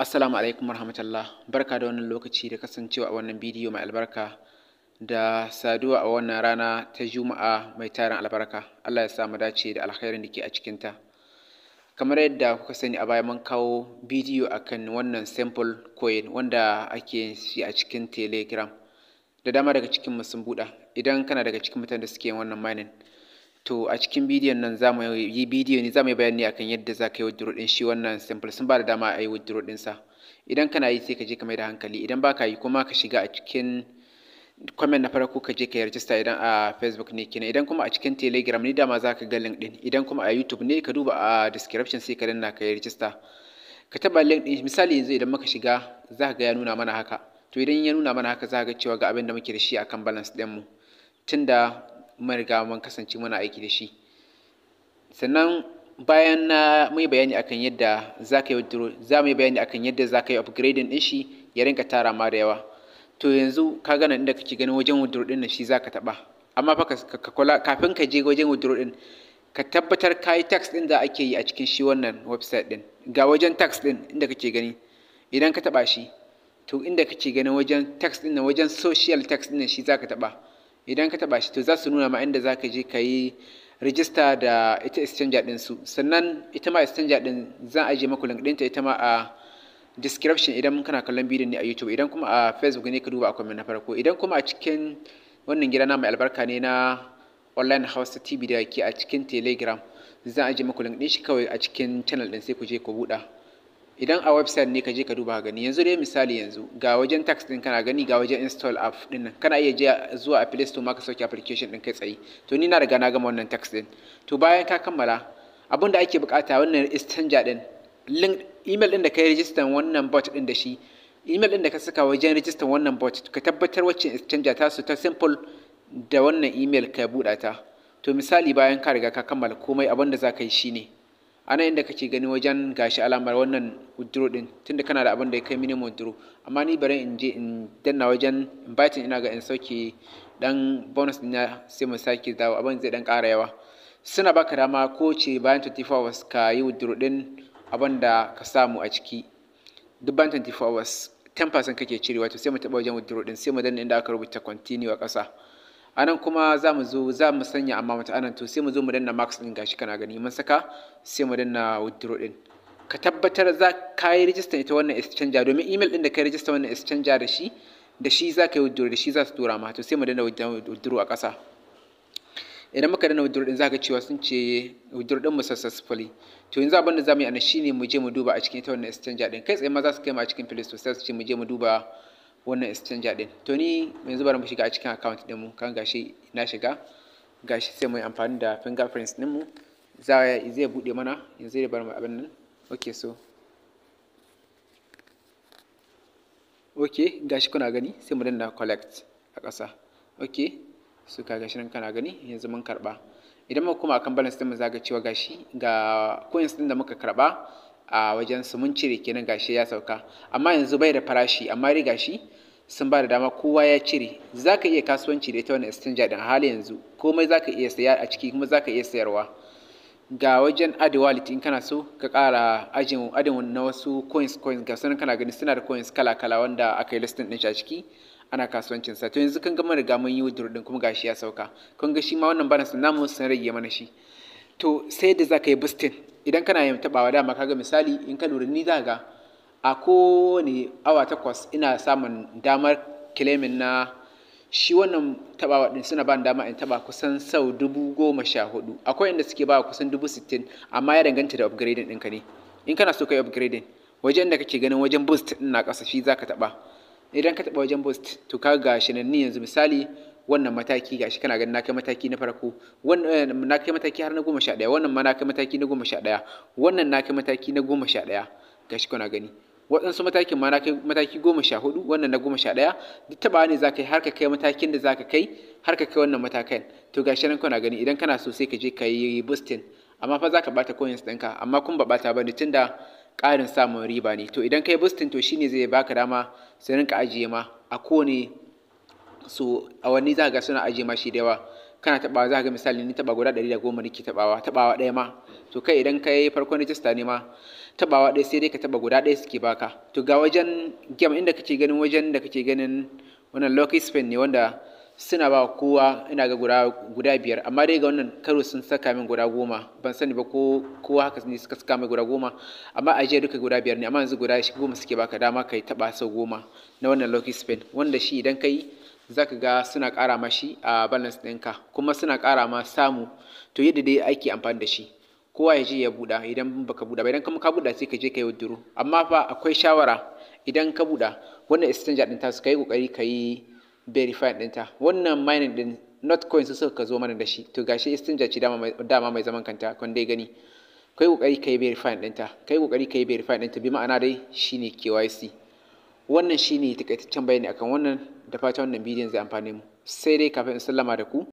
Assalamu alaikum warahmatullah barka da wannan lokaci da kasancewa a wannan bidiyo mai albarka da saduwa a wannan rana ta juma'a mai tarin albarka Allah ya sa dace da alkhairin da ke a cikinta kamar yadda kuka sani a baya mun kawo bidiyo akan wannan simple coin wanda ake shi a cikin telegram da dama daga cikin mu sun buɗa idan kana daga cikin mutanen da suke wannan mining to a cikin bidiyon nan za mu yi bidiyo ne za mu yi bayani akan yadda za ka yi withdraw din shi wannan simple sun ba da dama a yi withdraw sa idan kana yi sai ka je ka mai da hankali idan ba ka yi kuma ka shiga a cikin comment na farko ka je ka yi rajista idan a facebook ne kenan idan kuma a cikin telegram ne dama za ka ga link din idan kuma a youtube ne ka duba a description sai ka danna ka yi rajista ka taɓa link din misali yanzu idan muka shiga za ka ga ya nuna mana haka to idan ya nuna mana haka za ka ga cewa ga abin da muke da shi akan balance din mu tunda mun riga mun kasance muna aiki da shi sannan bayan na mai bayani akan yadda za ka yi za mu yi bayani akan yadda za ka yi upgrading ɗin shi ya rinka tara ma da yawa to yanzu ka gana inda kake ganin wajen withdraw ɗin shi za ka taɓa amma fa ka kula kafin ka je wajen withdraw ɗin ka tabbatar ka yi tax ɗin da ake yi a cikin shi wannan website ɗin ga wajen tax ɗin inda kake gani idan ka taɓa shi to inda kake ganin wajen tax ɗin wajen social tax ɗin shi za ka taɓa idan ka taɓa shi to za su nuna ma inda za ka je ka yi rijista da ita exchange ɗin su sannan ita ma exchanger ɗin zan ajiye maku link ɗinta ita ma a description idan kana kallon bidiyon ne a youtube idan kuma a facebook ne ka duba a comment na farko idan kuma a cikin wannan gida na mai albarka ne na online house tv da ke a cikin telegram zan ajiye maku link ɗin shi kawai a cikin channel ɗin sai ku je ku buɗa idan a website ne ka je ka duba gani yanzu dai misali yanzu ga wajen tax din kana gani ga wajen install app din nan kana iya je zuwa a Play Store ma ka sauke application din kai tsaye to ni na riga na gama wannan tax din to bayan ka kammala abin da ake bukata wannan exchanger din link email din da kai register wannan bot din da shi email din da ka saka wajen register wannan bot ka tabbatar wacce exchanger ta su ta simple da wannan email ka buɗa ta to misali bayan ka riga ka kammala komai abin da za ka yi shine ana inda kake gani wajen gashi alamar wannan withdraw din tunda kana da abin da ya kai minimum withdraw amma ni bari in je in danna wajen inviting ina ga in sauke dan bonus din ya sai mu sake dawo abin zai dan ƙara yawa suna baka dama ko ce bayan 24 hours ka yi withdraw din abin da ka samu a ciki duk bayan 24 hours 10% kake cirewa to sai mu taɓa wajen withdraw din sai mu danna inda aka rubuta continue a ƙasa anan kuma za mu zo za mu sanya amma mata anan to sai mu zo mu danna max din gashi kana gani mun saka sai mu danna withdraw din ka tabbatar za ka yi register ita wannan exchanger domin email din da ka register wannan exchanger da shi da shi za ka yi withdraw da shi za su tura ma to sai mu danna withdraw a ƙasa idan muka danna withdraw din za ka cewa sun ce withdraw din mu successfully to yanzu abin da za mu yi anan shine mu je mu duba a cikin ita wannan exchanger din kai tsaye ma za su kai mu a cikin play store sai su ce mu je mu duba wannan exchanger din to ni yanzu bari mu shiga a cikin account din mu kan gashi na shiga gashi sai mu yi amfani da fingerprints din mu za zai bude mana yanzu zai bar mu abin nan okay so okay gashi kuna gani sai mu danna collect a ƙasa okay so ka gashi nan kana gani yanzu mun karba idan muka kuma akan balance din mu zaga cewa gashi ga coins din da muka karba a wajen su mun cire kenan gashi ya sauka amma yanzu bai da farashi amma riga gashi sun ba da dama kowa ya cire za ka iya kasuwanci da ita wani exchange din hali yanzu komai za ka iya saya a ciki kuma za ka iya sayarwa ga wajen adewalit in kana so ka ƙara ajin adin na wasu coins coins ga sanan kana gani suna da coins kala kala wanda aka yi listing din a ciki ana kasuwancin sa to yanzu kun ga mun riga mun yi withdraw din kuma gashi ya sauka kun ga shi ma wannan balance namu sun rage mana shi to sai da zaka yi boosting idan kana yin tabawa dama kaga misali in ka lura ni daga a kowane awa takwas ina samun damar kilimin na shi wannan tabawa din suna ba dama in taba kusan sau dubu goma sha hudu akwai inda suke ba kusan dubu sittin amma ya danganta da upgrading ɗinka ne in kana so ka yi upgrading wajen da kake ganin wajen boost na ƙasa shi za ka taɓa idan ka taɓa wajen boost to ka ga shi nan yanzu misali wannan mataki gashi kana ganin na kai mataki na farko wannan eh, na kai mataki har na goma sha ɗaya wannan ma na kai mataki na goma sha ɗaya wannan na kai mataki na goma sha ɗaya gashi kana gani waɗansu matakin ma na kai mataki goma sha hudu wannan na goma sha ɗaya duk taɓa ne za ka yi har ka kai matakin da za ka kai har ka kai wannan matakan to gashi nan kana gani idan kana so sai ka je ka yi boosting amma fa za ka bata coins ɗinka amma kun ba ɓata ba ne tunda ƙarin samun riba ne to idan ka yi boosting to shine zai baka dama su rinka ajiye ma a kowane so awanni za ga suna ajiye ma shi da yawa kana taɓawa za ga misali ni taba guda 110 nake tabawa tabawa ɗaya ma to kai idan ka yi farkon rijista ne ma tabawa ɗaya sai dai ka taba guda ɗaya suke baka to ga wajen game inda kake ganin wajen da kake ganin wannan lucky spin ne wanda suna ba kowa ina ga guda guda biyar amma dai ga wannan karo sun saka min guda goma ban sani ba ko kowa haka ne suka saka min guda goma amma a duka guda biyar ne amma yanzu guda goma suke baka dama kai taba sau goma na wannan lucky spin wanda shi idan kai za ka ga suna ƙara ma shi a balance ɗinka kuma suna ƙara ma samu to yadda dai aiki amfani da shi kowa ya je ya buɗa idan baka buɗa ba idan kuma ka buɗa sai ka je ka yi wadduro, amma fa akwai shawara idan ka buɗa wannan exchange ɗin ta su ka yi ƙoƙari ka yi verify ɗinta wannan mining ɗin coin su suka zo mana da shi to gashi exchange ce dama mai zaman kanta kun dai gani kai kokari yi verify ta kai kokari yi verify ɗinta bi ma'ana dai shine KYC wannan shine takaitaccen bayani akan wannan da fatan wannan bidiyon zai amfane mu sai dai kafin in sallama da ku